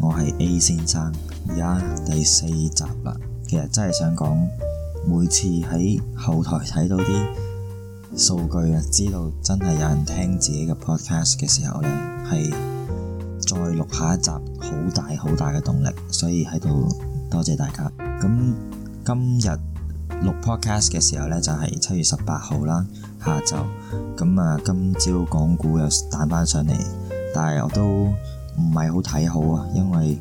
我係 A 先生，而家第四集啦，其實真係想講，每次喺後台睇到啲數據啊，知道真係有人聽自己嘅 podcast 嘅時候呢係再錄下一集好大好大嘅動力，所以喺度多謝大家。咁今日錄 podcast 嘅時候呢，就係七月十八號啦，下晝。咁啊，今朝港股又彈翻上嚟，但係我都唔係好睇好啊，因為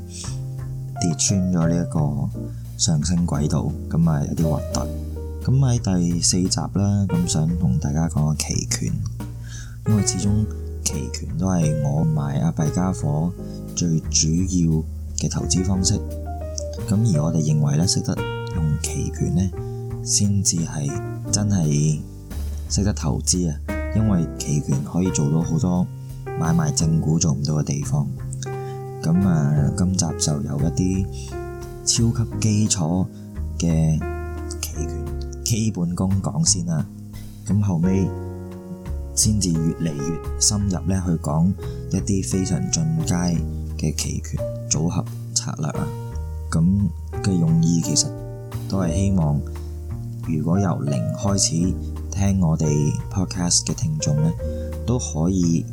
跌穿咗呢一個上升軌道，咁啊有啲核突。咁喺第四集啦，咁想同大家講個期權，因為始終期權都係我同埋阿弊家伙最主要嘅投資方式。咁而我哋認為呢，識得用期權呢，先至係真係識得投資啊！因為期權可以做到好多買賣正股做唔到嘅地方。咁啊，今集就有一啲超級基礎嘅期權基本功講先啦。咁後尾先至越嚟越深入咧，去講一啲非常進階嘅期權組合策略啊。咁嘅用意其實都係希望，如果由零開始聽我哋 podcast 嘅聽眾咧，都可以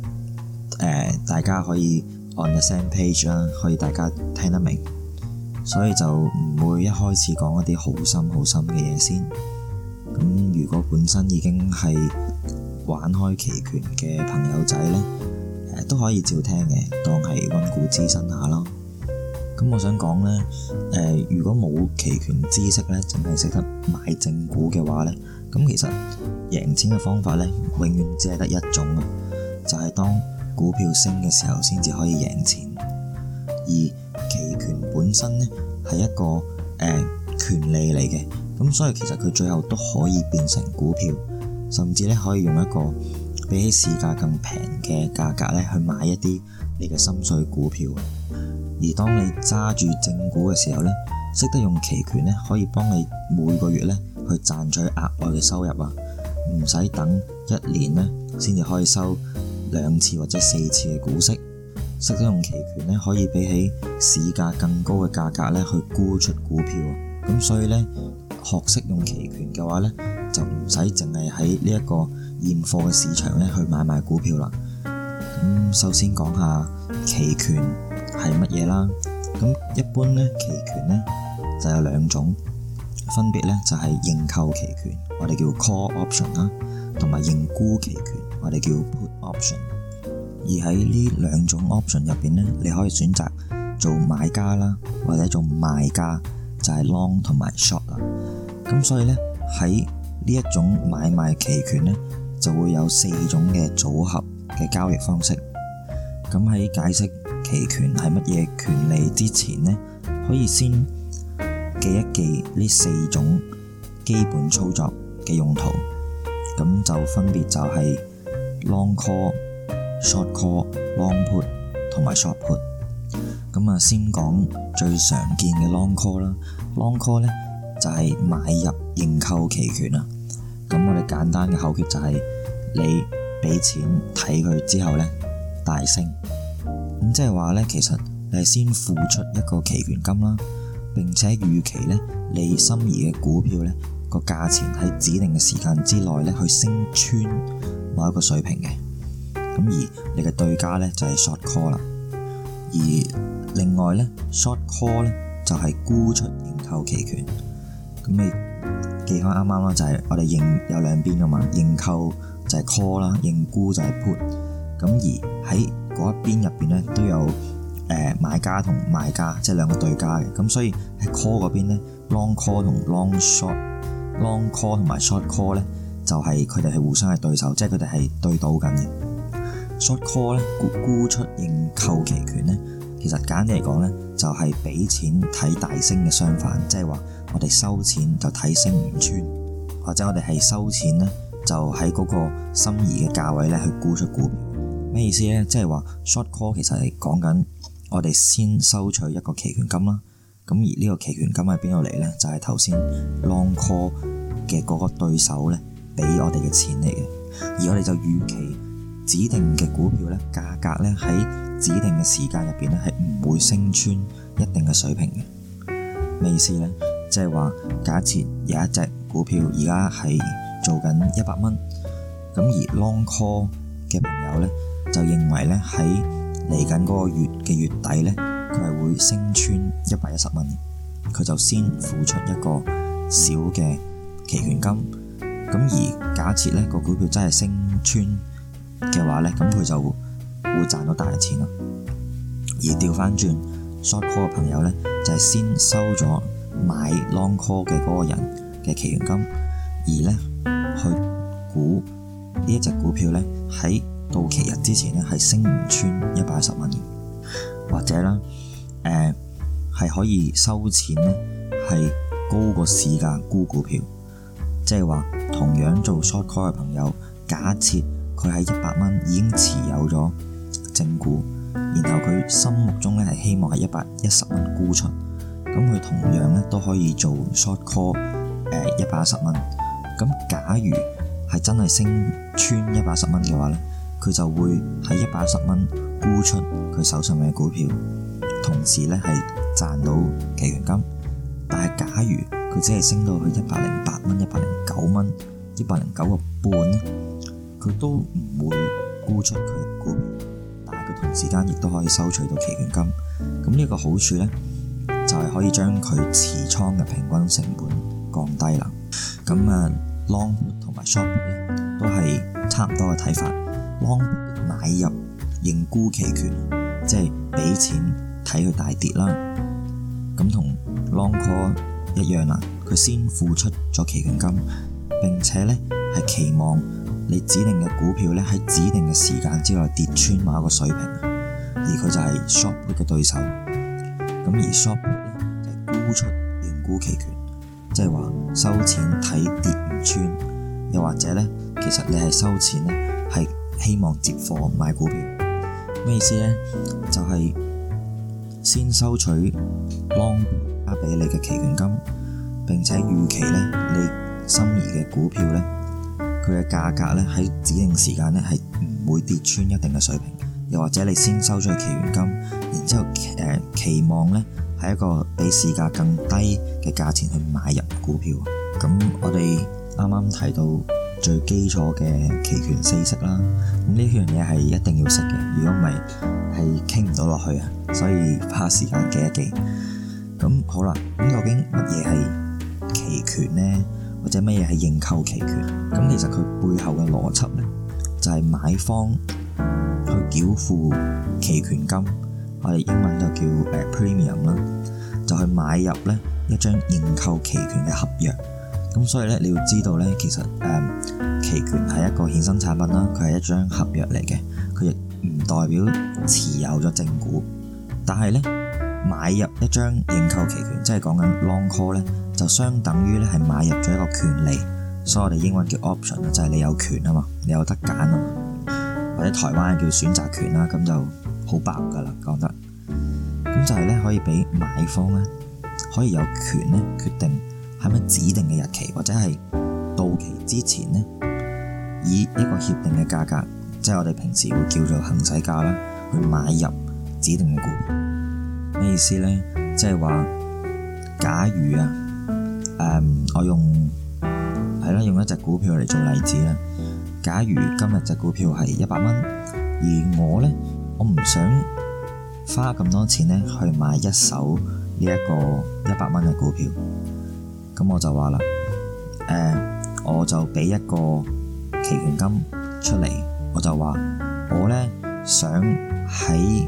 誒、呃，大家可以 on the same page 啦，可以大家聽得明，所以就唔會一開始講一啲好深好深嘅嘢先。咁如果本身已經係玩開期權嘅朋友仔咧，誒、呃、都可以照聽嘅，當係溫故知新下啦。咁我想講咧，誒、呃、如果冇期權知識咧，淨係識得買正股嘅話咧，咁其實贏錢嘅方法咧，永遠只係得一種啊，就係、是、當。股票升嘅時候先至可以贏錢，而期權本身呢係一個誒、呃、權利嚟嘅，咁所以其實佢最後都可以變成股票，甚至咧可以用一個比起市價更平嘅價格咧去買一啲你嘅心水股票。而當你揸住正股嘅時候呢，識得用期權呢可以幫你每個月呢去賺取額外嘅收入啊，唔使等一年呢先至可以收兩次或者四次嘅股息，識得用期權咧可以比起市價更高嘅價格咧去沽出股票。咁所以咧學識用期權嘅話咧，就唔使淨係喺呢一個現貨嘅市場咧去買賣股票啦。咁首先講下期權係乜嘢啦？咁一般咧期權咧就有兩種，分別咧就係認購期權，我哋叫 call option 啦，同埋認沽期權。我哋叫 put option，而喺呢兩種 option 入邊咧，你可以選擇做買家啦，或者做賣家，就係 long 同埋 short 啦。咁所以咧，喺呢一種買賣期權咧，就會有四種嘅組合嘅交易方式。咁喺解釋期權係乜嘢權利之前咧，可以先記一記呢四種基本操作嘅用途。咁就分別就係、是。Long call、short call、long put 同埋 short put，咁啊，先講最常見嘅 long call 啦。long call 咧就係買入認購期權啊。咁我哋簡單嘅口訣就係你俾錢睇佢之後咧，大升。咁即係話咧，其實你係先付出一個期權金啦，並且預期咧，你心儀嘅股票咧個價錢喺指定嘅時間之內咧去升穿，某一個水平嘅，咁而你嘅對家咧就係 short call 啦，而另外咧 short call 咧就係沽出認購期權。咁你記翻啱啱啦，就係我哋認有兩邊噶嘛，認購就係 call 啦，認沽就係 put。咁而喺嗰一邊入邊咧都有誒買家同賣家，即係兩個對家嘅。咁所以喺 call 嗰邊咧，long call 同 long short，long call 同埋 short call 咧。就係佢哋係互相係對手，即係佢哋係對賭緊嘅。Short call 咧沽沽出認購期權咧，其實簡單嚟講咧，就係、是、俾錢睇大升嘅相反，即係話我哋收錢就睇升唔穿，或者我哋係收錢咧就喺嗰個心儀嘅價位咧去沽出股票。咩意思咧？即係話 short call 其實係講緊我哋先收取一個期權金啦，咁而呢個期權金喺邊度嚟咧？就係頭先 long call 嘅嗰個對手咧，俾我哋嘅錢嚟嘅，而我哋就預期指定嘅股票咧，價格咧喺指定嘅時間入邊咧，係唔會升穿一定嘅水平嘅。咩意思咧？即係話，假設有一隻股票而家係做緊一百蚊，咁而 Long Call 嘅朋友咧就認為咧喺嚟緊嗰個月嘅月底咧，佢係會升穿一百一十蚊，佢就先付出一個小嘅期權金。咁而假設呢個股票真係升穿嘅話呢，咁佢就會賺到大錢啦。而掉翻轉 short call 嘅朋友呢，就係、是、先收咗買 long call 嘅嗰個人嘅期權金，而呢去估呢一隻股票呢，喺到期日之前呢係升唔穿一百一十蚊，或者啦，誒、呃、係可以收錢呢，係高過市價沽股票。即係話，同樣做 short call 嘅朋友，假設佢喺一百蚊已經持有咗正股，然後佢心目中咧係希望係一百一十蚊沽出，咁佢同樣咧都可以做 short call 誒一百一十蚊。咁假如係真係升穿一百一十蚊嘅話咧，佢就會喺一百一十蚊沽出佢手上面嘅股票，同時咧係賺到期權金。但係假如，或者係升到去一百零八蚊、一百零九蚊、一百零九個半，佢都唔會沽出佢嘅股，但係佢同時間亦都可以收取到期權金。咁呢個好處咧，就係可以將佢持倉嘅平均成本降低啦。咁啊，long 同埋 short 咧都係差唔多嘅睇法。long 買入認沽期權，即係俾錢睇佢大跌啦。咁同 long call。一樣啦，佢先付出咗期權金，並且咧係期望你指定嘅股票咧喺指定嘅時間之內跌穿某一個水平，而佢就係 short 嘅對手。咁而 short 咧就沽出認沽期權，即係話收錢睇跌唔穿，又或者咧其實你係收錢咧係希望接貨買股票。咩意思咧？就係、是、先收取 long 加俾你嘅期權金，並且預期咧，你心儀嘅股票咧，佢嘅價格咧喺指定時間咧係唔會跌穿一定嘅水平，又或者你先收咗期權金，然之後期、呃、期望咧係一個比市價更低嘅價錢去買入股票。咁我哋啱啱提到最基礎嘅期權四式啦，咁呢樣嘢係一定要識嘅，如果唔係係傾唔到落去啊，所以花時間記一記。咁好啦，咁、這個、究竟乜嘢係期權呢？或者乜嘢係認購期權？咁其實佢背後嘅邏輯呢，就係、是、買方去繳付期權金，我哋英文就叫 premium 啦，就去買入呢一張認購期權嘅合約。咁所以呢，你要知道呢，其實、呃、期權係一個衍生產品啦，佢係一張合約嚟嘅，佢亦唔代表持有咗正股，但係呢。買入一張認購期權，即係講緊 long call 咧，就相等於咧係買入咗一個權利，所以我哋英文叫 option 啊，就係你有權啊嘛，你有得揀啊嘛，或者台灣叫選擇權啦，咁就好白噶啦，講得，咁就係咧可以俾買方咧可以有權咧決定係咪指定嘅日期或者係到期之前咧以一個協定嘅價格，即係我哋平時會叫做行使價啦，去買入指定嘅股。咩意思呢？即係話，假如啊，誒、嗯，我用係啦，用一隻股票嚟做例子啦。假如今日隻股票係一百蚊，而我呢，我唔想花咁多錢呢去買一手呢一個一百蚊嘅股票，咁我就話啦，誒、嗯，我就俾一個期權金出嚟，我就話我呢，想喺誒。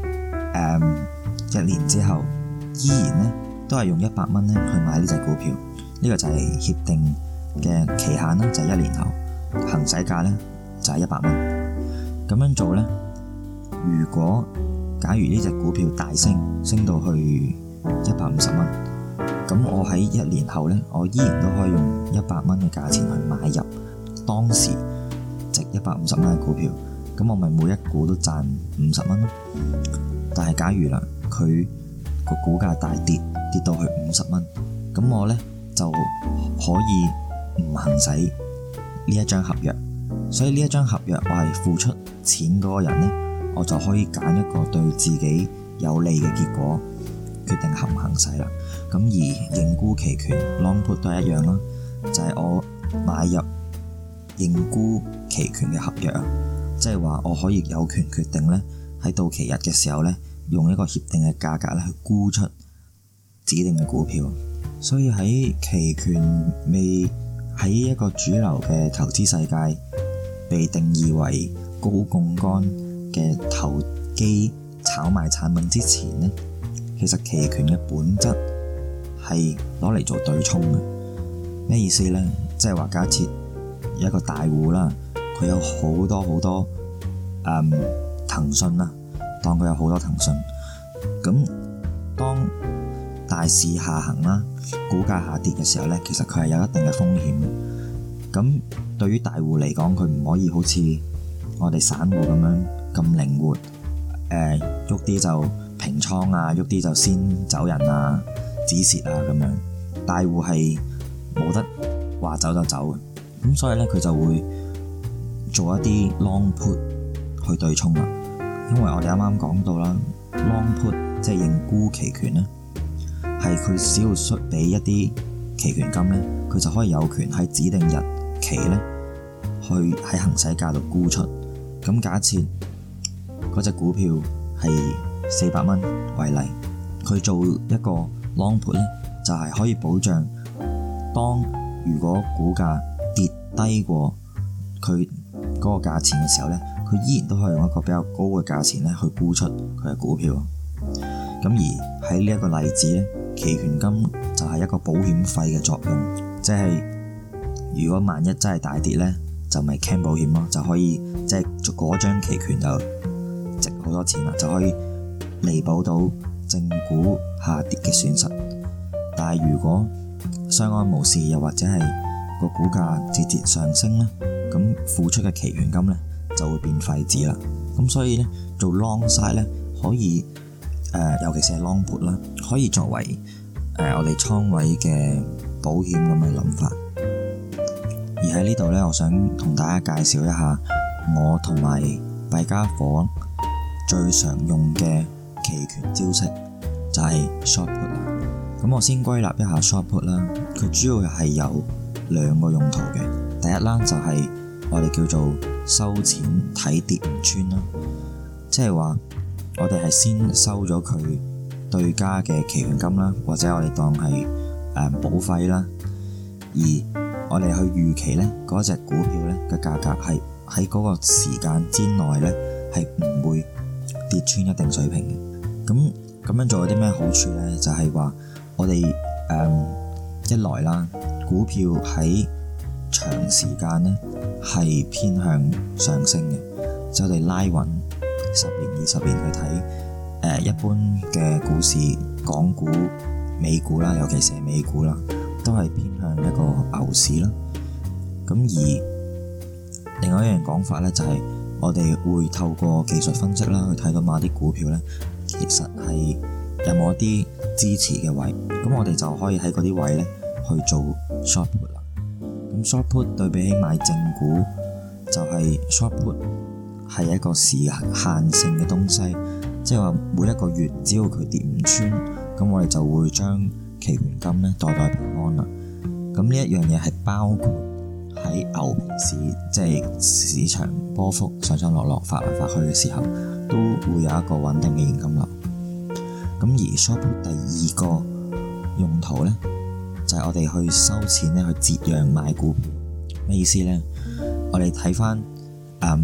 嗯一年之後，依然咧都係用一百蚊咧去買呢隻股票，呢、呢個就係協定嘅期限啦，就係、係、一年後行使價咧就係一百蚊。咁樣做咧，如果假如呢隻股票大升，升到去一百五十蚊，咁我喺一年後咧，我依然都可以用一百蚊嘅價錢去買入當時值一百五十蚊嘅股票，咁我咪每一股都賺五十蚊咯。但係假如啦～佢個股價大跌，跌到去五十蚊，咁我呢就可以唔行使呢一張合約，所以呢一張合約我係付出錢嗰個人呢，我就可以揀一個對自己有利嘅結果，決定行唔行使啦。咁而認沽期權、Long Put 都係一樣啦，就係、是、我買入認沽期權嘅合約，即係話我可以有權決定呢喺到期日嘅時候呢。用一個協定嘅價格去沽出指定嘅股票，所以喺期權未喺一個主流嘅投資世界被定義為高槓桿嘅投機炒賣產品之前呢，其實期權嘅本質係攞嚟做對沖嘅。咩意思呢？即係話假設一個大戶啦，佢有好多好多誒騰訊啦。當佢有好多騰訊，咁當大市下行啦，股價下跌嘅時候咧，其實佢係有一定嘅風險。咁對於大戶嚟講，佢唔可以好似我哋散戶咁樣咁靈活，誒、呃，喐啲就平倉啊，喐啲就先走人啊，止蝕啊咁樣。大戶係冇得話走就走嘅，咁所以咧佢就會做一啲 long put 去對沖啦、啊。因為我哋啱啱講到啦，long put 即係認沽期權咧，係佢只要出俾一啲期權金咧，佢就可以有權喺指定日期咧，去喺行使價度沽出。咁假設嗰隻股票係四百蚊為例，佢做一個 long put 咧，就係可以保障，當如果股價跌低過佢嗰個價錢嘅時候咧。佢依然都可以用一個比較高嘅價錢咧去沽出佢嘅股票。咁而喺呢一個例子咧，期權金就係一個保險費嘅作用，即係如果萬一真係大跌咧，就咪 claim 保險咯，就可以即係嗰張期權就值好多錢啦，就可以彌補到正股下跌嘅損失。但係如果相安無事，又或者係個股價節節上升咧，咁付出嘅期權金咧，就會變廢紙啦，咁所以呢，做 long side 呢，可以，誒、呃，尤其是係 long put 啦，可以作為、呃、我哋倉位嘅保險咁嘅諗法。而喺呢度呢，我想同大家介紹一下我同埋大家伙最常用嘅期權招式就係、是、Short Put 啦。咁我先歸納一下 Short Put 啦，佢主要係有兩個用途嘅。第一啦，就係、是我哋叫做收錢睇跌唔穿啦，即係話我哋係先收咗佢對家嘅期權金啦，或者我哋當係誒、嗯、保費啦，而我哋去預期咧嗰隻股票咧嘅價格係喺嗰個時間之內咧係唔會跌穿一定水平嘅。咁咁樣做有啲咩好處咧？就係、是、話我哋誒、嗯、一來啦，股票喺長時間呢係偏向上升嘅，即、就是、我哋拉穩十年、二十年去睇、呃，一般嘅股市、港股、美股啦，尤其是美股啦，都係偏向一個牛市啦。咁而另外一樣講法呢，就係、是、我哋會透過技術分析啦，去睇到某啲股票呢，其實係有冇一啲支持嘅位，咁我哋就可以喺嗰啲位呢去做 short。咁 short put 對比起買正股，就係 short put 係一個時限性嘅東西，即係話每一個月，只要佢跌唔穿，咁我哋就會將期權金咧代代平安啦。咁呢一樣嘢係包括喺牛市，即係市場波幅上上落落，發嚟發去嘅時候，都會有一個穩定嘅現金流。咁而 short put 第二個用途咧？就係我哋去收錢咧，去折讓買股票。咩意思咧？我哋睇翻嗯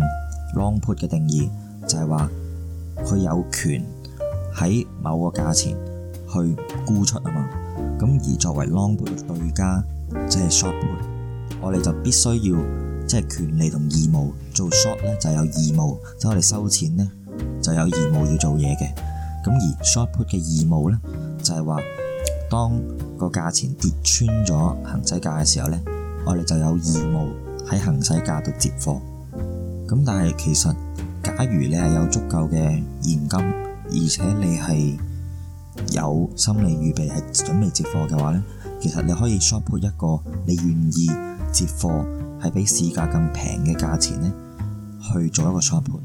long put 嘅定義，就係話佢有權喺某個價錢去沽出啊嘛。咁而作為 long put 嘅對家，即係 short put，我哋就必須要即係權利同義務。做 short 咧就有義務，即係我哋收錢咧就有義務要做嘢嘅。咁而 short put 嘅義務咧，就係話，當個價錢跌穿咗行使價嘅時候呢我哋就有義務喺行使價度接貨。咁但係其實，假如你係有足夠嘅現金，而且你係有心理預備係準備接貨嘅話呢其實你可以 short 盤一個你願意接貨係比市價更平嘅價錢呢去做一個 short 盤。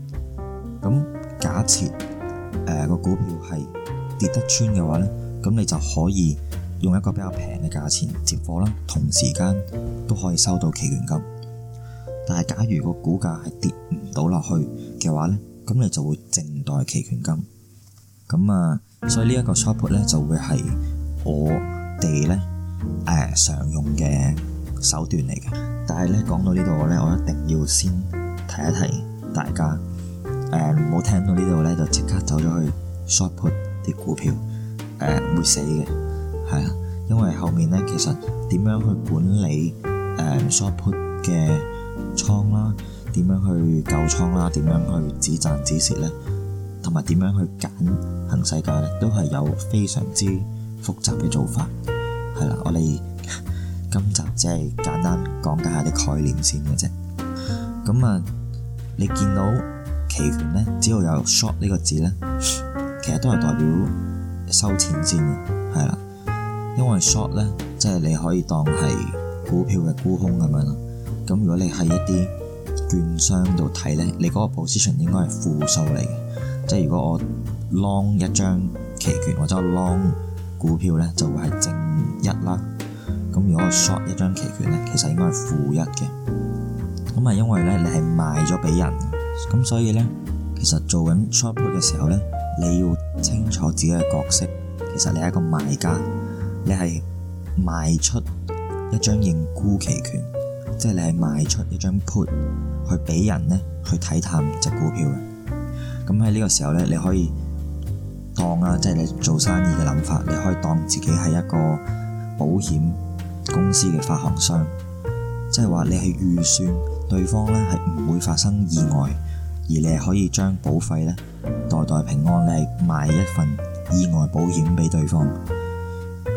咁假設誒、呃那個股票係跌得穿嘅話呢。咁你就可以用一個比較平嘅價錢接貨啦，同時間都可以收到期權金。但係，假如個股價係跌唔到落去嘅話咧，咁你就會靜待期權金。咁啊，所以呢一個 short put 咧就會係我哋咧誒常用嘅手段嚟嘅。但係咧，講到呢度咧，我一定要先提一提大家誒，唔好聽到呢度咧就即刻走咗去 short put 啲股票。誒、呃、會死嘅，係啊，因為後面咧，其實點樣去管理誒 short put 嘅倉啦，點樣去救倉啦，點樣去止賺止蝕咧，同埋點樣去揀行使價咧，都係有非常之複雜嘅做法。係啦，我哋今集即係簡單講解下啲概念先嘅啫。咁啊，你見到期權咧，只要有 short 呢個字咧，其實都係代表。收錢先，係啦，因為 short 咧，即係你可以當係股票嘅沽空咁樣啦。咁如果你喺一啲券商度睇咧，你嗰個 position 應該係負數嚟嘅。即係如果我 long 一張期權或者 long 股票咧，就會係正一啦。咁如果我 short 一張期權咧，其實應該係負一嘅。咁係因為咧，你係賣咗俾人，咁所以咧，其實做緊 short put 嘅時候咧。你要清楚自己嘅角色，其實你係一個賣家，你係賣出一張認沽期權，即係你係賣出一張 put 去畀人呢去睇探隻股票嘅。咁喺呢個時候呢，你可以當啊，即係你做生意嘅諗法，你可以當自己係一個保險公司嘅發行商，即係話你係預算對方呢係唔會發生意外，而你係可以將保費呢。代代平安，你係買一份意外保險俾對方，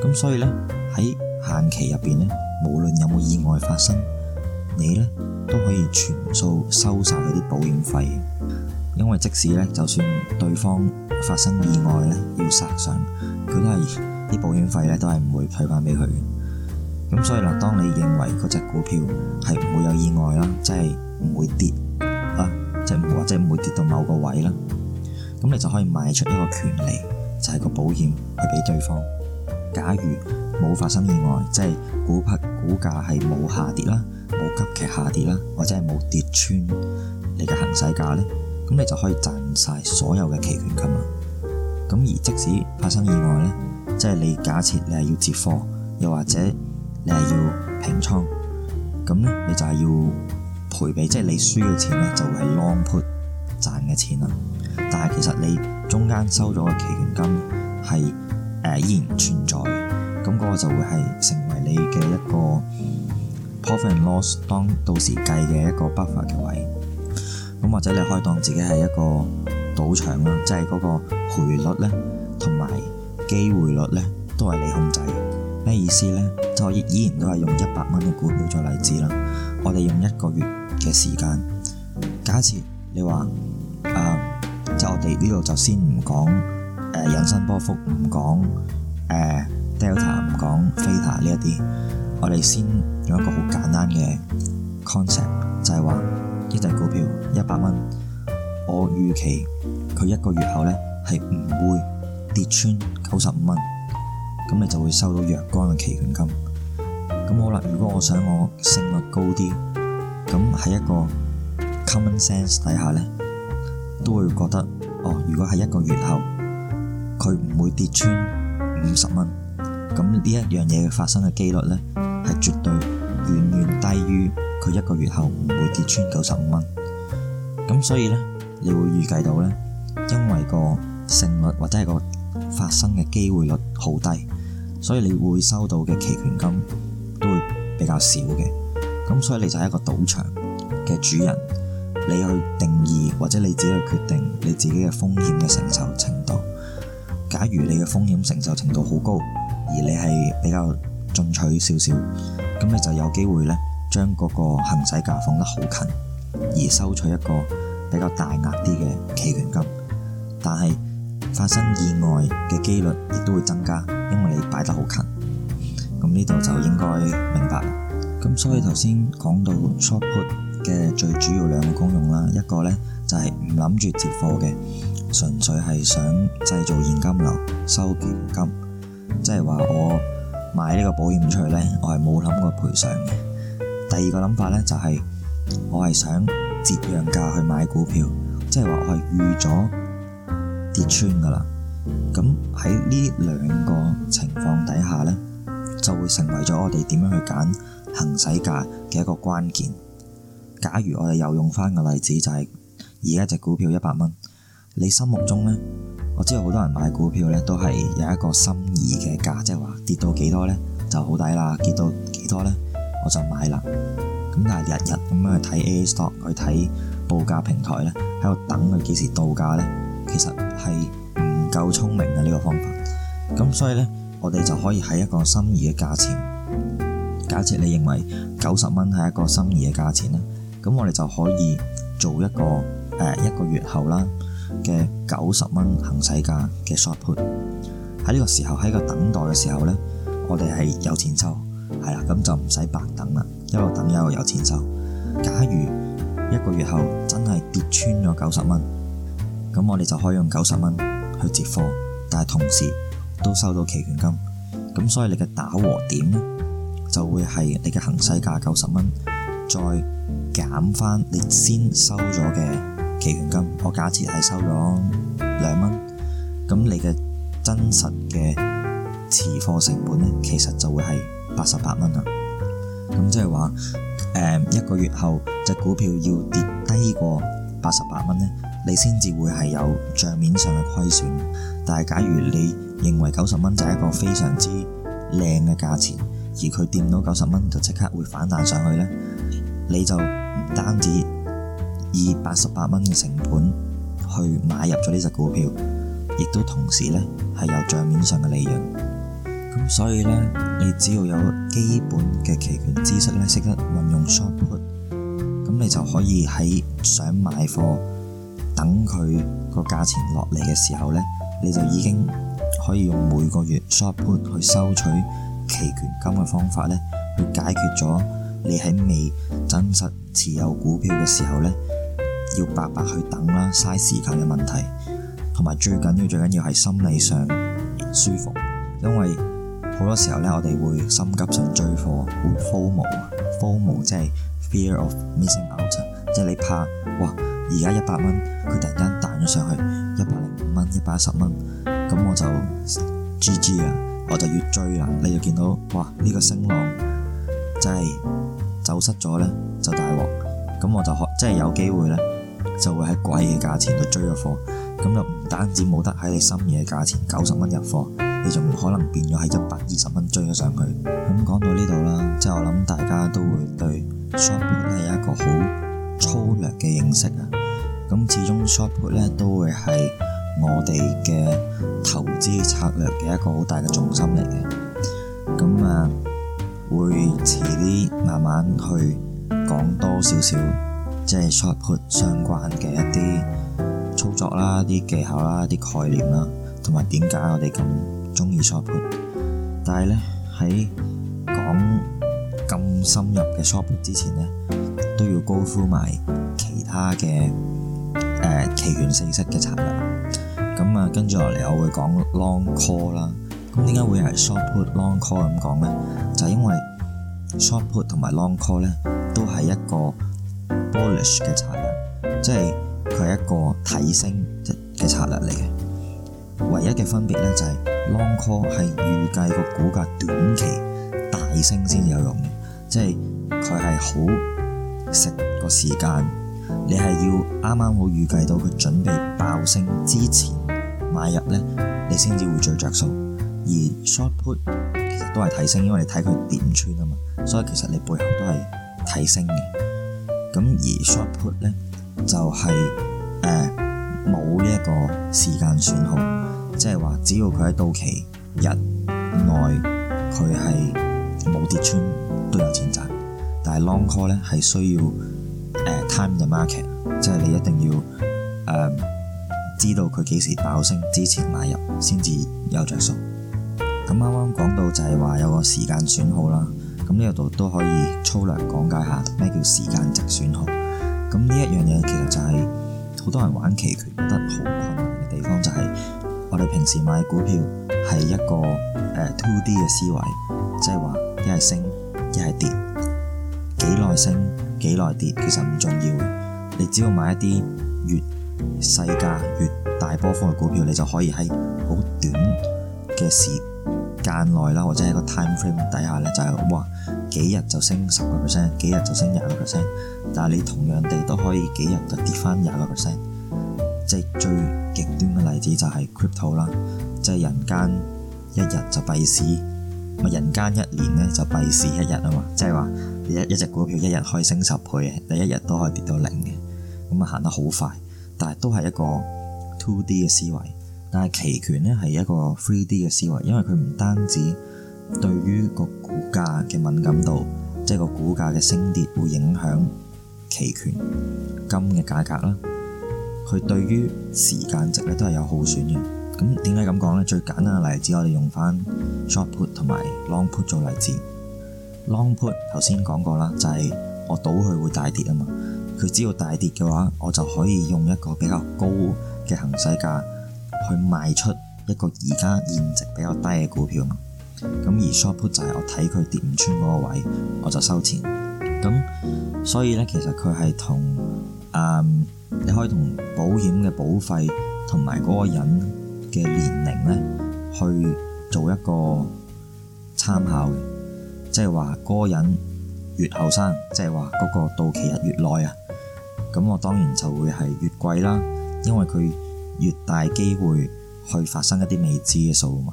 咁所以呢，喺限期入邊呢，無論有冇意外發生，你呢都可以全數收晒嗰啲保險費，因為即使呢，就算對方發生意外呢，要殺上，佢都係啲保險費呢，都係唔會退返俾佢嘅。咁所以啦，當你認為嗰隻股票係唔會有意外啦，即係唔會跌啊，即係或者唔會跌到某個位啦。咁你就可以賣出一個權利，就係個保險去俾對方。假如冇發生意外，即係股票股價係冇下跌啦，冇急劇下跌啦，或者係冇跌穿你嘅行使價咧，咁你就可以賺晒所有嘅期權金啦。咁而即使發生意外咧，即係你假設你係要接貨，又或者你係要平倉，咁咧你就係要賠俾，即係你輸嘅錢咧就會係 long put。賺嘅錢啦，但係其實你中間收咗嘅期權金係誒、呃、依然存在，咁嗰個就會係成為你嘅一個 profit and loss 當到時計嘅一個 buffer 嘅位。咁或者你可以當自己係一個賭場啦，就係嗰個賠率咧，同埋機會率咧都係你控制嘅。咩意思咧？就依然都係用一百蚊嘅股票做例子啦。我哋用一個月嘅時間，假設。你話誒，即、呃、係我哋呢度就先唔講誒引申波幅，唔講誒、呃、Delta，唔講 Theta 呢一啲，我哋先用一個好簡單嘅 concept，就係話一隻股票一百蚊，我預期佢一個月後咧係唔會跌穿九十五蚊，咁你就會收到若干嘅期權金。咁好啦，如果我想我勝率高啲，咁係一個。Common sense 底下咧，都會覺得哦，如果係一個月後佢唔會跌穿五十蚊，咁呢一樣嘢嘅發生嘅機率咧係絕對遠遠低於佢一個月後唔會跌穿九十五蚊。咁所以咧，你會預計到咧，因為個勝率或者係個發生嘅機會率好低，所以你會收到嘅期權金都會比較少嘅。咁所以你就係一個賭場嘅主人。你去定義或者你自己去決定你自己嘅風險嘅承受程度。假如你嘅風險承受程度好高，而你係比較進取少少，咁你就有機會呢將嗰個行使價放得好近，而收取一個比較大額啲嘅期權金。但係發生意外嘅機率亦都會增加，因為你擺得好近。咁呢度就應該明白啦。咁所以頭先講到 short put 嘅最主要兩個功用啦，一個呢就係唔諗住接貨嘅，純粹係想製造現金流、收現金，即係話我買呢個保險出去呢，我係冇諗過賠償嘅。第二個諗法呢，就係，就係我係想折讓價去買股票，即係話我係預咗跌穿噶啦。咁喺呢兩個情況底下呢，就會成為咗我哋點樣去揀行使價嘅一個關鍵。假如我哋又用翻個例子，就係而家隻股票一百蚊，你心目中呢，我知道好多人買股票呢，都係有一個心儀嘅價，即係話跌到幾多呢，就好抵啦，跌到幾多呢，我就買啦。咁但係日日咁樣去睇 A Stock，去睇報價平台呢，喺度等佢幾時到價呢，其實係唔夠聰明嘅呢個方法。咁所以呢，我哋就可以喺一個心儀嘅價錢，假設你認為九十蚊係一個心儀嘅價錢呢。咁我哋就可以做一個誒、呃、一個月後啦嘅九十蚊行使價嘅 short put，喺呢個時候，喺個等待嘅時候呢，我哋係有錢收，係啦，咁就唔使白等啦，一路等一路有錢收。假如一個月後真係跌穿咗九十蚊，咁我哋就可以用九十蚊去接貨，但係同時都收到期權金。咁所以你嘅打和點咧就會係你嘅行使價九十蚊。再減返你先收咗嘅期權金，我假設係收咗兩蚊，咁你嘅真實嘅持貨成本呢，其實就會係八十八蚊啦。咁即係話，呃，一個月後隻股票要跌低過八十八蚊呢，你先至會係有帳面上嘅虧損。但係，假如你認為九十蚊就係一個非常之靚嘅價錢，而佢跌到九十蚊就即刻會反彈上去呢。你就唔單止以八十八蚊嘅成本去買入咗呢隻股票，亦都同時咧係有帳面上嘅利潤。咁所以咧，你只要有基本嘅期權知識咧，識得運用 short put，咁你就可以喺想買貨、等佢個價錢落嚟嘅時候咧，你就已經可以用每個月 short put 去收取期權金嘅方法咧，去解決咗。你喺未真實持有股票嘅時候呢，要白白去等啦，嘥時間嘅問題。同埋最緊要最緊要係心理上舒服，因為好多時候呢，我哋會心急上追貨，會 FOMO 啊，FOMO 即係 fear of missing out 即係你怕哇，而家一百蚊，佢突然間彈咗上去一百零五蚊、一百十蚊，咁我就 GG 啊，我就要追啦。你就見到哇，呢、這個升浪真係～走失咗呢，就大鑊，咁我就可即係有機會呢，就會喺貴嘅價錢度追個貨，咁就唔單止冇得喺你心儀嘅價錢九十蚊入貨，你仲可能變咗喺一百二十蚊追咗上去。咁講到呢度啦，即係我諗大家都會對 Short Put 咧，有一個好粗略嘅認識啊。咁始終 Short Put 咧，都會係我哋嘅投資策略嘅一個好大嘅重心嚟嘅。咁啊。會遲啲慢慢去講多少少，即係 short put 相關嘅一啲操作啦、啲技巧啦、啲概念啦，同埋點解我哋咁中意 short put。但係咧喺講咁深入嘅 short put 之前咧，都要 go through 埋其他嘅誒、呃、期權性質嘅策略。咁啊，跟住落嚟我會講 long call 啦。咁點解會係 short put long call 咁講咧？就係因為 short put 同埋 long call 咧，都係一個 bullish 嘅策略，即係佢係一個睇升嘅策略嚟嘅。唯一嘅分別咧就係 long call 係預計個股價短期大升先至有用嘅，即係佢係好食個時間，你係要啱啱好預計到佢準備爆升之前買入咧，你先至會最着數。而 short put 其實都係睇升，因為你睇佢跌穿啊嘛，所以其實你背後都係睇升嘅。咁而 short put 咧就係誒冇呢一個時間損耗，即係話只要佢喺到期日內，佢係冇跌穿都有錢賺。但係 long call 咧係需要誒、呃、time the market，即係你一定要誒、呃、知道佢幾時爆升之前買入先至有着數。啱啱講到就係話有個時間損耗啦，咁呢度都可以粗略講解下咩叫時間值損耗。咁呢一樣嘢其實就係、是、好多人玩期權覺得好困難嘅地方，就係、是、我哋平時買股票係一個誒 two D 嘅思維，即係話一係升一係跌，幾耐升幾耐跌其實唔重要。你只要買一啲越細價越大波幅嘅股票，你就可以喺好短嘅時間內啦，或者喺個 time frame 底下咧、就是，就係哇幾日就升十個 percent，幾日就升廿個 percent。但係你同樣地都可以幾日就跌翻廿個 percent。即係最極端嘅例子就係 crypto 啦，即係人間一日就閉市，人間一年咧就閉市一日啊嘛。即係話你一一隻股票一日可以升十倍嘅，你一日都可以跌到零嘅，咁啊行得好快，但係都係一個 two D 嘅思維。但係，期權咧係一個 three D 嘅思維，因為佢唔單止對於個股價嘅敏感度，即係個股價嘅升跌會影響期權金嘅價格啦。佢對於時間值咧都係有耗損嘅。咁點解咁講呢？最簡單嘅例子，我哋用翻 short put 同埋 long put 做例子。long put 頭先講過啦，就係、是、我賭佢會大跌啊嘛。佢只要大跌嘅話，我就可以用一個比較高嘅行使價。去賣出一個而家現值比較低嘅股票嘛，咁而 short put 就係我睇佢跌唔穿嗰個位，我就收錢。咁所以咧，其實佢係同誒，你可以同保險嘅保費同埋嗰個人嘅年齡咧去做一個參考嘅，即係話嗰個人越後生，即係話嗰個到期日越耐啊，咁我當然就會係越貴啦，因為佢。越大機會去發生一啲未知嘅數目，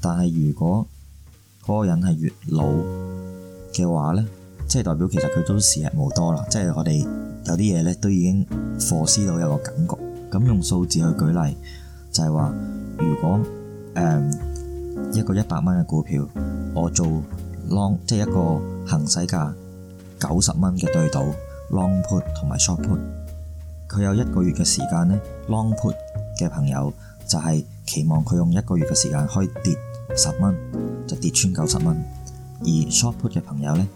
但係如果嗰個人係越老嘅話呢，即係代表其實佢都時日無多啦，即係我哋有啲嘢呢，都已經 foresee 到有一個感覺。咁用數字去舉例，就係話如果誒一個一百蚊嘅股票，我做 long，即係一個行使價九十蚊嘅對賭 long put 同埋 short put，佢有一個月嘅時間呢 long put。嘅朋友就係期望佢用一個月嘅時間可以跌十蚊，就跌穿九十蚊。而 short put 嘅朋友咧，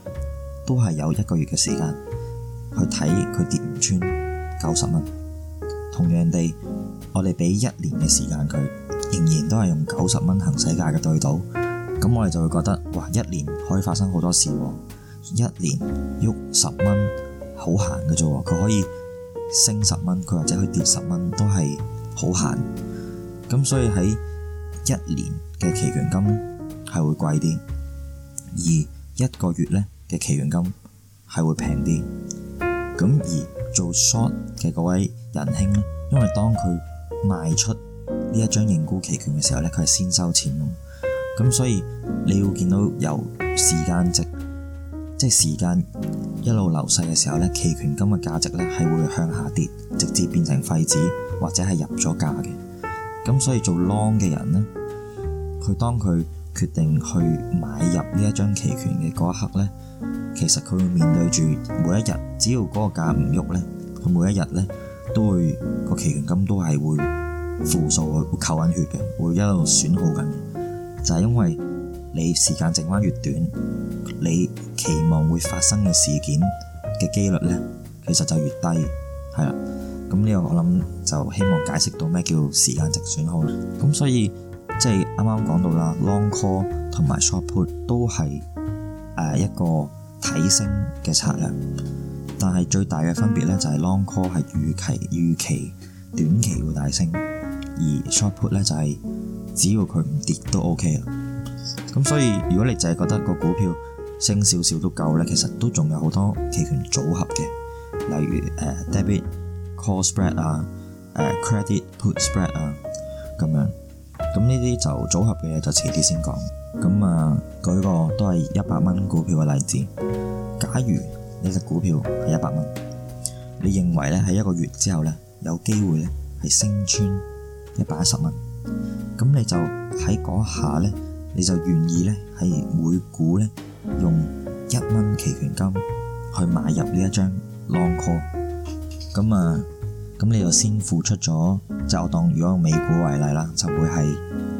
都係有一個月嘅時間去睇佢跌唔穿九十蚊。同樣地，我哋畀一年嘅時間佢，仍然都係用九十蚊行使價嘅對賭。咁我哋就會覺得哇，一年可以發生好多事喎！一年喐十蚊好閒㗎啫，佢可以升十蚊，佢或者佢跌十蚊都係。好閒，咁所以喺一年嘅期權金係會貴啲，而一個月咧嘅期權金係會平啲。咁而做 short 嘅嗰位仁兄咧，因為當佢賣出呢一張認沽期權嘅時候咧，佢係先收錢，咁所以你會見到由時間值，即係時間一路流逝嘅時候咧，期權金嘅價值咧係會向下跌，直至變成廢紙。或者係入咗價嘅，咁所以做 long 嘅人呢，佢當佢決定去買入呢一張期權嘅嗰一刻呢，其實佢會面對住每一日，只要嗰個價唔喐呢，佢每一日呢都會個期權金都係會負數，會扣緊血嘅，會一路損耗緊。就係因為你時間剩返越短，你期望會發生嘅事件嘅機率呢，其實就越低，係啦。咁呢個我諗就希望解釋到咩叫時間值損耗啦。咁所以即係啱啱講到啦，Long Call 同埋 Short Put 都係誒、呃、一個睇升嘅策略，但係最大嘅分別咧就係、是、Long Call 係預期預期短期會大升，而 Short Put 咧就係、是、只要佢唔跌都 OK 啦。咁所以如果你就係覺得個股票升少少都夠咧，其實都仲有好多期權組合嘅，例如誒 Debit。呃 Debit, Call spread 啊，誒 credit put spread 啊，咁樣，咁呢啲就組合嘅嘢就遲啲先講。咁啊，uh, 舉個都係一百蚊股票嘅例子。假如你隻股票係一百蚊，你認為咧喺一個月之後咧有機會咧係升穿一百一十蚊，咁你就喺嗰下咧，你就願意咧係每股咧用一蚊期權金去買入呢一張 Long Call。咁啊，咁你就先付出咗，就係我當如果用美股為例啦，就會係誒、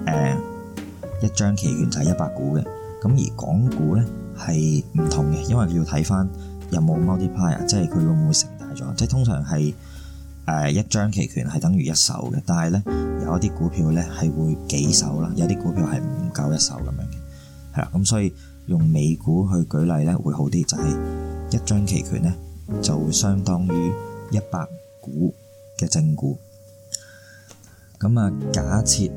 呃、一張期權就係一百股嘅。咁而港股咧係唔同嘅，因為佢要睇翻有冇 multiplier，即係佢會唔會成大咗。即係通常係誒、呃、一張期權係等於一手嘅，但係咧有一啲股票咧係會幾手啦，有啲股票係唔夠一手咁樣嘅係啦。咁所以用美股去舉例咧會好啲，就係一張期權咧就會相當於。一百股嘅正股，咁啊，假設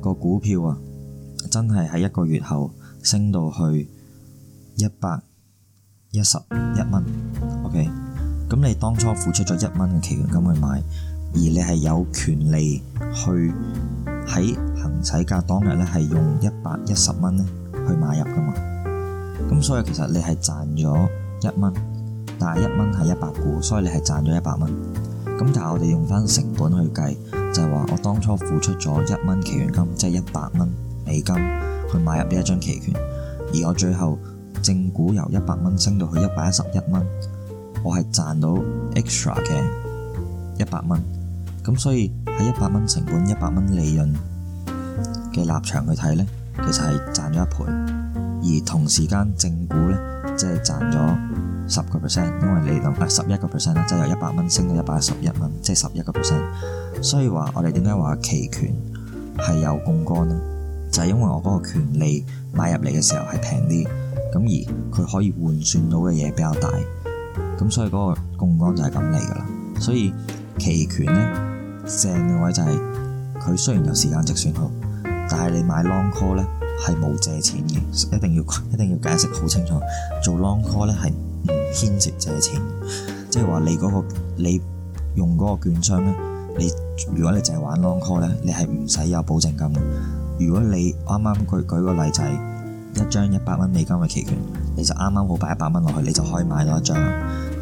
個股票啊，真係喺一個月後升到去一百一十一蚊，OK，咁你當初付出咗一蚊嘅期權金去買，而你係有權利去喺行使價當日咧，係用一百一十蚊咧去買入噶嘛，咁所以其實你係賺咗一蚊。但係一蚊係一百股，所以你係賺咗一百蚊。咁但係我哋用翻成本去計，就係話我當初付出咗一蚊期權金，即係一百蚊美金去買入呢一張期權，而我最後正股由一百蚊升到去一百一十一蚊，我係賺到 extra 嘅一百蚊。咁所以喺一百蚊成本、一百蚊利潤嘅立場去睇呢，其實係賺咗一倍。而同時間正股呢。即係賺咗十個 percent，因為你諗下十一個 percent 啦，即係、就是、由一百蚊升到一百十一蚊，即係十一個 percent。所以話我哋點解話期權係有槓桿呢？就係、是、因為我嗰個權利買入嚟嘅時候係平啲，咁而佢可以換算到嘅嘢比較大，咁所以嗰個槓桿就係咁嚟噶啦。所以期權呢，正嘅位就係、是、佢雖然有時間值損耗，但係你買 long call 呢。係冇借錢嘅，一定要一定要解釋好清楚。做 long call 咧係唔牽涉借錢，即係話你嗰個你用嗰個券商咧，你如果你淨係玩 long call 咧，你係唔使有保證金嘅。如果你啱啱佢舉個例就係一張一百蚊美金嘅期權，你就啱啱好擺一百蚊落去，你就可以買到一張。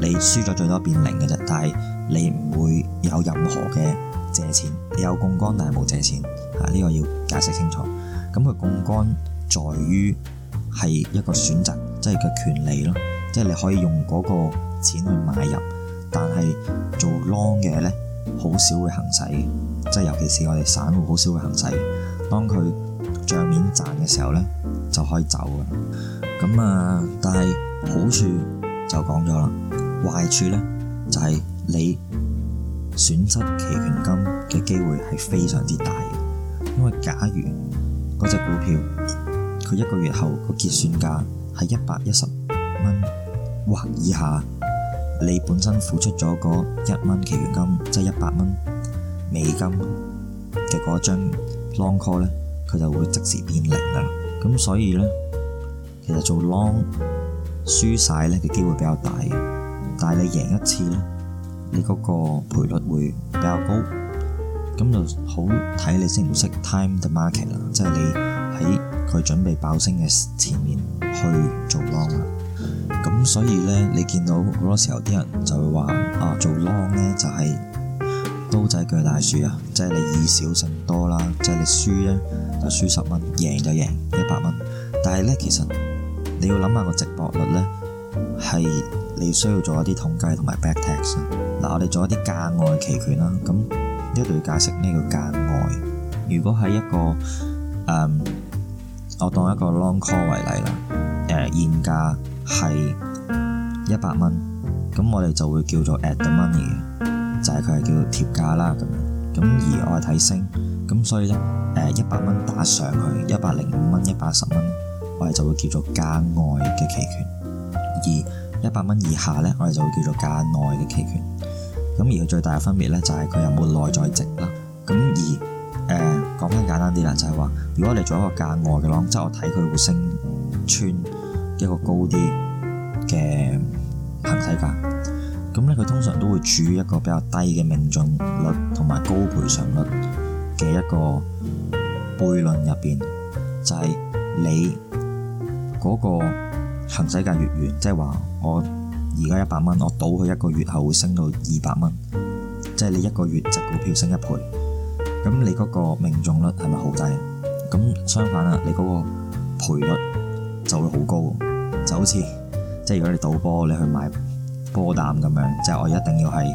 你輸咗最多變零嘅啫，但係你唔會有任何嘅借錢，你有槓杆但係冇借錢嚇，呢個要解釋清楚。咁佢槓桿在於係一個選擇，即係佢權利咯，即係你可以用嗰個錢去買入。但係做 long 嘅咧，好少會行使，即係尤其是我哋散戶好少會行使。當佢帳面賺嘅時候咧，就可以走㗎。咁啊，但係好處就講咗啦，壞處咧就係、是、你損失期權金嘅機會係非常之大嘅，因為假如嗰隻股票，佢一個月後個結算價係一百一十蚊或以下，你本身付出咗嗰一蚊期權金，即係一百蚊美金嘅嗰張 long call 咧，佢就會即時變零噶啦。咁所以呢，其實做 long 輸晒咧嘅機會比較大，但係你贏一次呢，你嗰個賠率會比較高。咁就好睇你識唔識 time the market 啦，即係你喺佢準備爆升嘅前面去做 long 啦。咁所以呢，你見到好多時候啲人就會話啊，做 long 呢就係刀仔鋸大樹啊，即係你以少勝多啦，即係你輸呢就輸十蚊，贏就贏一百蚊。但係呢，其實你要諗下個值博率呢，係你需要做一啲統計同埋 backtest 嗱，我哋做一啲價外期權啦，咁。一定要解釋呢個價外。如果喺一個誒、嗯，我當一個 long call 為例啦，誒、呃、現價係一百蚊，咁我哋就會叫做 at the money，就係佢係叫做貼價啦咁。咁而我係睇升，咁所以咧誒一百蚊打上去，一百零五蚊、一百一十蚊，我哋就會叫做價外嘅期權。而一百蚊以下咧，我哋就會叫做價內嘅期權。咁而佢最大嘅分別咧，就係佢有冇內在值啦。咁而誒、呃、講翻簡單啲啦，就係、是、話，如果你做一個價外嘅攞，即係我睇佢會升穿一個高啲嘅行使價。咁咧，佢通常都會處於一個比較低嘅命中率同埋高賠償率嘅一個悖論入邊，就係、是、你嗰個行使價越遠，即係話我。而家一百蚊，我賭佢一個月後會升到二百蚊，即係你一個月隻股票升一倍，咁你嗰個命中率係咪好低？咁相反啊，你嗰個賠率就會好高，就好似即係如果你賭波，你去買波膽咁樣，即係我一定要係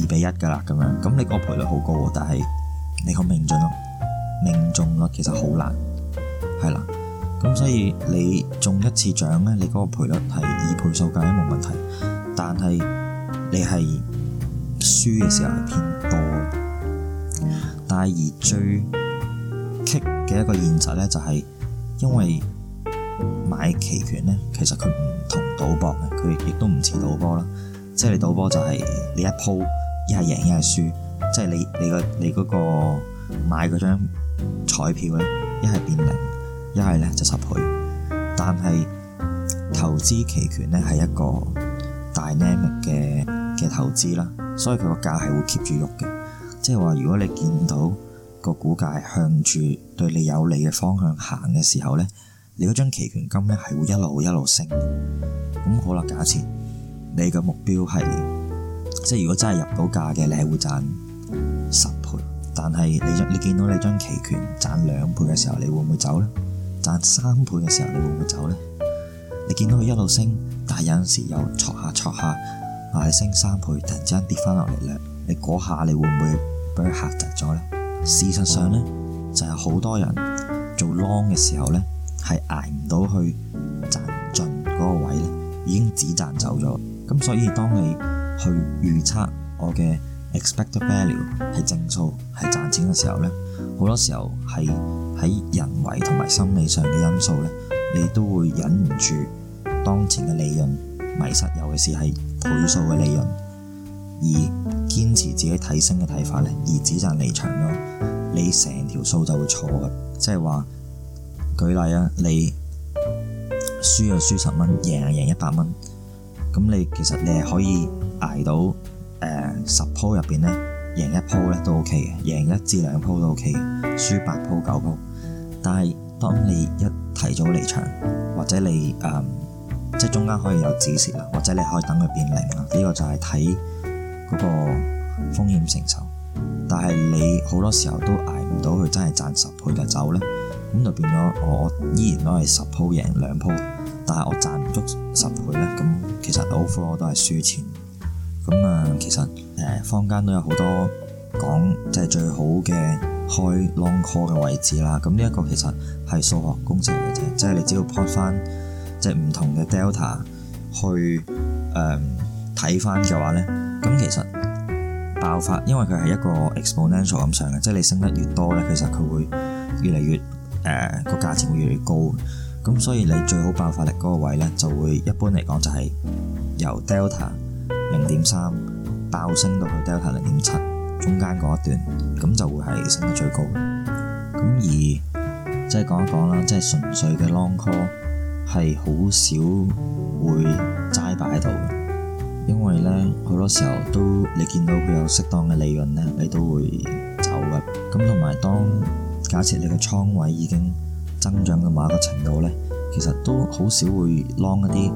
二比一㗎啦咁樣，咁你個賠率好高，但係你好命中咯，命中率其實好難，係啦。咁所以你中一次獎咧，你嗰個賠率係二倍數計都冇問題，但係你係輸嘅時候係偏多。但係而最棘嘅一個現實咧，就係、是、因為買期權咧，其實佢唔同賭博嘅，佢亦都唔似賭波啦。即係你賭波就係你一鋪一係贏一係輸，即係你你個你嗰個買嗰張彩票咧一係變零。一係咧就十倍，但係投資期權咧係一個 dynamic 嘅嘅投資啦，所以佢個價係會 keep 住喐嘅。即係話，如果你見到個股價係向住對你有利嘅方向行嘅時候咧，你嗰張期權金咧係會一路一路升。咁好啦，假設你嘅目標係，即係如果真係入到價嘅，你係會賺十倍。但係你你見到你張期權賺兩倍嘅時候，你會唔會走咧？賺三倍嘅時候，你會唔會走呢？你見到佢一路升，但係有陣時又挫下挫下，捱、啊、升三倍突然之間跌翻落嚟咧，你嗰下你會唔會俾佢嚇窒咗呢？事實上呢，就係、是、好多人做 long 嘅時候呢，係捱唔到去賺盡嗰個位呢，已經止賺走咗。咁所以當你去預測我嘅 expected value 係正數係賺錢嘅時候呢，好多時候係。喺人為同埋心理上嘅因素咧，你都會忍唔住當前嘅利潤迷失，尤其是係倍數嘅利潤，而堅持自己睇升嘅睇法咧，而止賺離場咯，你成條數就會錯嘅。即係話，舉例啊，你輸就輸十蚊，贏就贏一百蚊，咁你其實你係可以捱到誒十鋪入邊咧。呃贏一鋪咧都 OK 嘅，贏一至兩鋪都 OK，輸八鋪九鋪。但係當你一提早離場，或者你誒即係中間可以有止蝕啦，或者你可以等佢變零啦，呢個就係睇嗰個風險承受。但係你好多時候都捱唔到佢真係賺十倍就走咧，咁就變咗我依然攞係十鋪贏兩鋪，但係我賺唔足十倍咧，咁其實 overall 我都係輸錢。咁啊，其實～誒坊間都有好多講即係最好嘅開 long call 嘅位置啦，咁呢一個其實係數學工程嘅啫，即係你只要 plot 翻即係唔同嘅 delta 去誒睇翻嘅話咧，咁其實爆發，因為佢係一個 exponential 咁上嘅，即係你升得越多咧，其實佢會越嚟越誒個、呃、價錢會越嚟越高嘅，咁所以你最好爆發力嗰個位咧就會一般嚟講就係由 delta 零點三。爆升到去 Delta 零點七，中間嗰一段咁就會係升得最高嘅。咁而即係講一講啦，即係純粹嘅 long call 係好少會齋擺喺度嘅，因為咧好多時候都你見到佢有適當嘅利潤咧，你都會走嘅。咁同埋當假設你嘅倉位已經增長到某一個程度咧，其實都好少會 long 一啲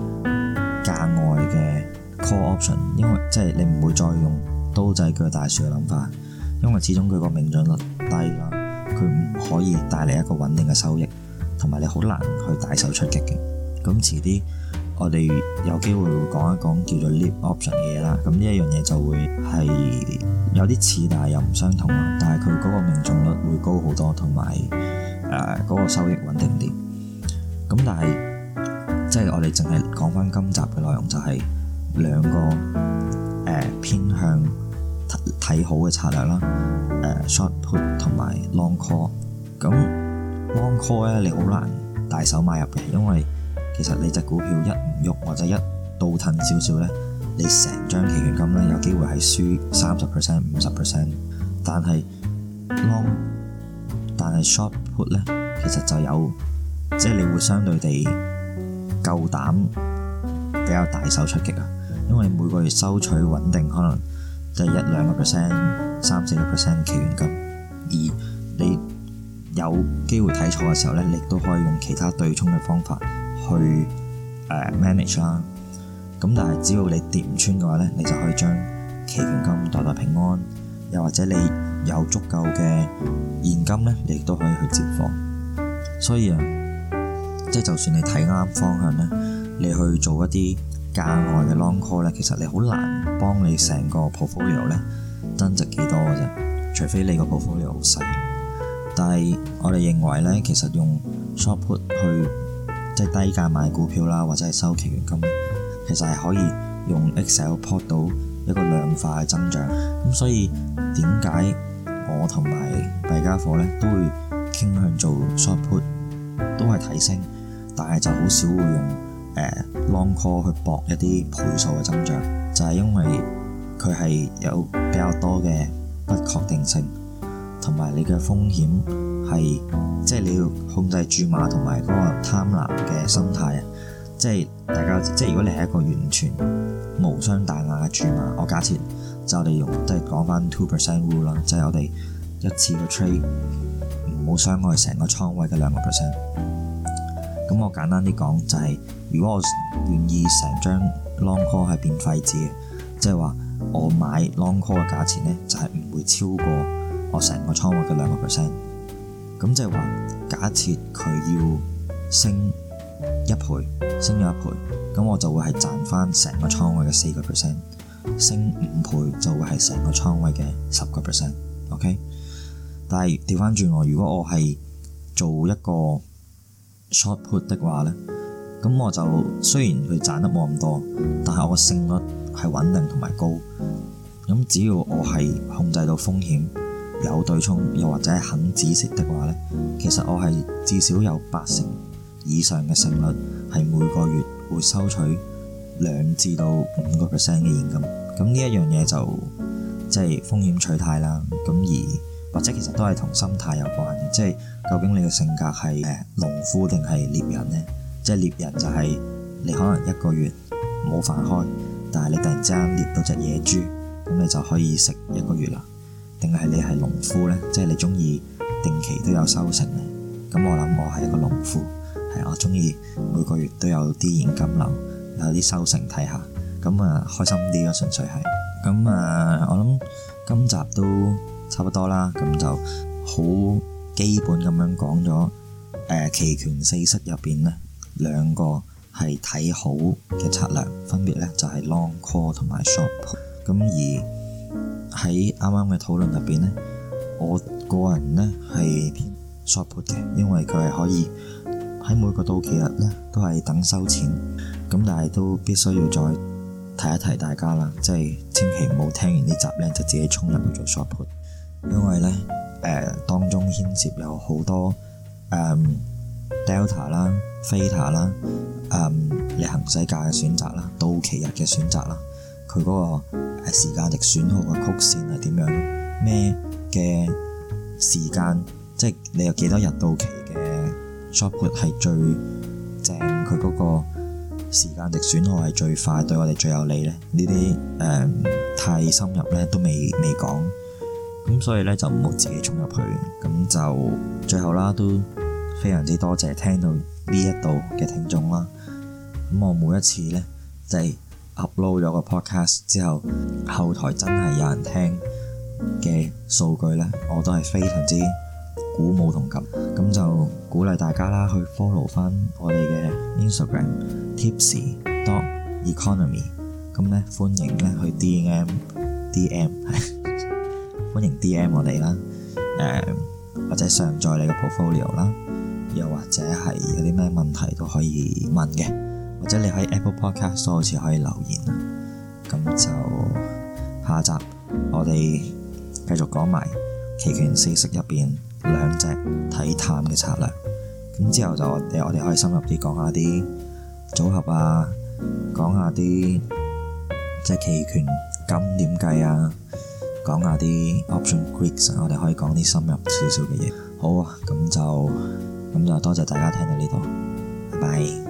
價外嘅。call option，因為即係你唔會再用刀仔鋸大樹嘅諗法，因為始終佢個命中率低啦，佢唔可以帶嚟一個穩定嘅收益，同埋你好難去大手出擊嘅。咁遲啲我哋有機會會講一講叫做 LEAP option 嘅嘢啦。咁呢一樣嘢就會係有啲似，但係又唔相同。但係佢嗰個命中率會高好多，同埋誒嗰個收益穩定啲。咁但係即係我哋淨係講翻今集嘅內容就係、是。兩個誒、呃、偏向睇好嘅策略啦，誒、呃、short put 同埋 long call。咁 long call 咧，你好難大手買入嘅，因為其實你隻股票一唔喐或者一倒騰少少咧，你成張期權金咧有機會係輸三十 percent、五十 percent。但係 long，但係 short put 咧，其實就有即係、就是、你會相對地夠膽比較大手出擊啊！因為每個月收取穩定，可能就係一兩個 percent、三四個 percent 期權金，而你有機會睇錯嘅時候咧，你都可以用其他對沖嘅方法去誒、uh, manage 啦。咁但係只要你跌唔穿嘅話咧，你就可以將期權金袋袋平安。又或者你有足夠嘅現金咧，你亦都可以去接貨。所以啊，即係就算你睇啱方向咧，你去做一啲。價外嘅 long call 咧，其實你好難幫你成個 portfolio 咧增值幾多嘅啫，除非你個 portfolio 好細。但係我哋認為咧，其實用 short put 去即係低價買股票啦，或者係收期權金，其實係可以用 excel port 到一個量化嘅增長。咁所以點解我同埋大家伙咧都會傾向做 short put，都係睇升，但係就好少會用，誒、uh, long call 去搏一啲倍數嘅增長，就係、是、因為佢係有比較多嘅不確定性，同埋你嘅風險係，即、就、係、是、你要控制注碼同埋嗰個貪婪嘅心態啊！即、就、係、是、大家，即、就、係、是、如果你係一個完全無傷大雅嘅注碼，我假設就我哋用都係講翻 two percent rule 啦，就係、是、我哋一次嘅 trade 唔好傷害成個倉位嘅兩個 percent。咁我簡單啲講，就係如果我願意成張 long call 係變廢紙嘅，即係話我買 long call 嘅價錢呢，就係唔會超過我成個倉位嘅兩個 percent。咁即係話假設佢要升一倍、升咗一倍，咁我就會係賺翻成個倉位嘅四個 percent；升五倍就會係成個倉位嘅十個 percent。OK？但係調翻轉我，如果我係做一個 short put 的話呢，咁我就雖然佢賺得冇咁多，但係我嘅勝率係穩定同埋高。咁只要我係控制到風險，有對沖，又或者係肯止蝕的話呢，其實我係至少有八成以上嘅勝率，係每個月會收取兩至到五個 percent 嘅現金。咁呢一樣嘢就即係、就是、風險取態啦。咁而或者其實都係同心態有關嘅，即係究竟你嘅性格係誒農夫定係獵人呢？即係獵人就係你可能一個月冇飯開，但係你突然之間獵到隻野豬，咁你就可以食一個月啦。定係你係農夫呢？即係你中意定期都有收成呢？咁我諗我係一個農夫，係我中意每個月都有啲現金流，有啲收成睇下，咁啊開心啲咯，純粹係。咁啊，一點一點我諗今集都～差不多啦，咁就好基本咁樣講咗。誒、呃，期權四式入邊咧，兩個係睇好嘅策略，分別咧就係、是、long call 同埋 short。咁而喺啱啱嘅討論入邊咧，我個人咧係 short 嘅，因為佢係可以喺每個到期日咧都係等收錢。咁但係都必須要再提一提大家啦，即、就、係、是、千祈唔好聽完集呢集咧就自己衝入去做 short。因為咧，誒、呃，當中牽涉有好多誒、嗯、Delta 啦，Theta 啦，誒，行世界嘅選擇啦，到期日嘅選擇啦，佢嗰個誒時間值損耗嘅曲線係點樣？咩嘅時間，即係你有幾多日到期嘅 short put 係最正？佢嗰個時間值損耗係最快，對我哋最有利咧？呢啲誒太深入咧，都未未講。咁所以呢就唔好自己衝入去，咁就最後啦都非常之多謝聽到呢一度嘅聽眾啦。咁我每一次呢，就係 upload 咗個 podcast 之後，後台真係有人聽嘅數據呢，我都係非常之鼓舞同感。咁就鼓勵大家啦去 follow 翻我哋嘅 Instagram tipsy.economy。咁呢，歡迎呢去 M, DM DM。 歡迎 DM 我哋啦，誒、呃、或者上載你嘅 portfolio 啦，又或者係有啲咩問題都可以問嘅，或者你喺 Apple Podcast 都好似可以留言啊。咁就下集我哋繼續講埋期權四式入邊兩隻睇淡嘅策略。咁之後就我我哋可以深入啲講下啲組合啊，講下啲即係期權金點計啊。講下啲 option q u i e k s 我哋可以講啲深入少少嘅嘢。好啊，咁就咁就多謝大家聽到呢度，拜拜。